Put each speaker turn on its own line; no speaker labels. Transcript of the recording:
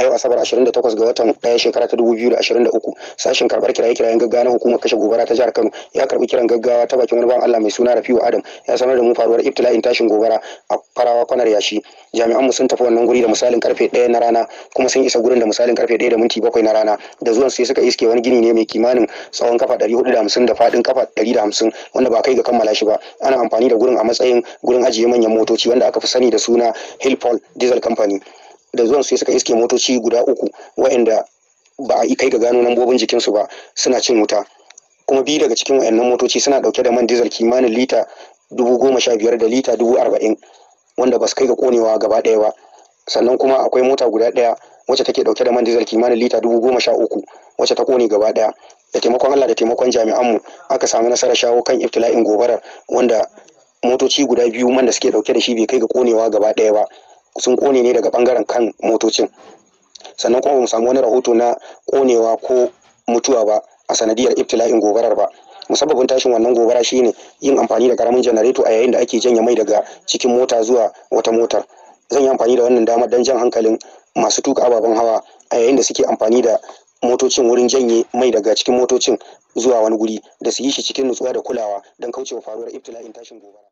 a yau asabar 28 ga watan ɗaya shekara ta 2023 sashen karɓar kiraye-kirayen gaggawa na hukumar kashe gobara ta jihar Kano ya karbi kiran gaggawa ta bakin wani bawan Allah mai suna Rafiu Adam ya sanar da mu faruwar ibtila'in tashin gobara a farawa kwanar yashi jami'an mu sun tafi wannan guri da misalin karfe 1 na rana kuma sun isa gurin da misalin karfe 1 da minti 7 na rana da zuwan sai suka iske wani gini ne mai kimanin tsawon kafa 450 da faɗin kafa 150 wanda ba kai ga kammala shi ba ana amfani da gurin a matsayin gurin ajiye manyan motoci wanda aka fi sani da suna Hillpole Diesel Company da zuwan sai suka iske motoci guda uku waɗanda ba a kai ga gano lambobin jikinsu ba suna cin wuta kuma biyu daga cikin waɗannan motoci suna ɗauke da man dizal kimanin lita dubu goma sha biyar da lita dubu arba'in wanda ba su kai ga konewa gaba ɗaya ba sannan kuma akwai mota guda ɗaya wacce take dauke da man dizal kimanin lita dubu goma sha uku wacce ta kone gaba ɗaya da taimakon Allah da taimakon jami'anmu aka samu nasarar shawo kan iftila'in gobarar wanda motoci guda biyu man da suke dauke da shi bai kai ga konewa gaba ɗaya ba sun kone ne daga bangaren kan motocin sannan kuma ba mu samu wani rahoto na konewa ko mutuwa ba a sanadiyar ibtila'in gobarar ba musabbabin tashin wannan gobara shine yin amfani da karamin janareto a yayin da ake janye mai daga cikin mota zuwa wata motar zan yi amfani da wannan damar don jan hankalin masu tuka ababen hawa a yayin da suke amfani da motocin wurin janye mai daga cikin motocin zuwa wani guri da su yi shi cikin nutsuwa da kulawa don kaucewa faruwar ibtila'in tashin gobara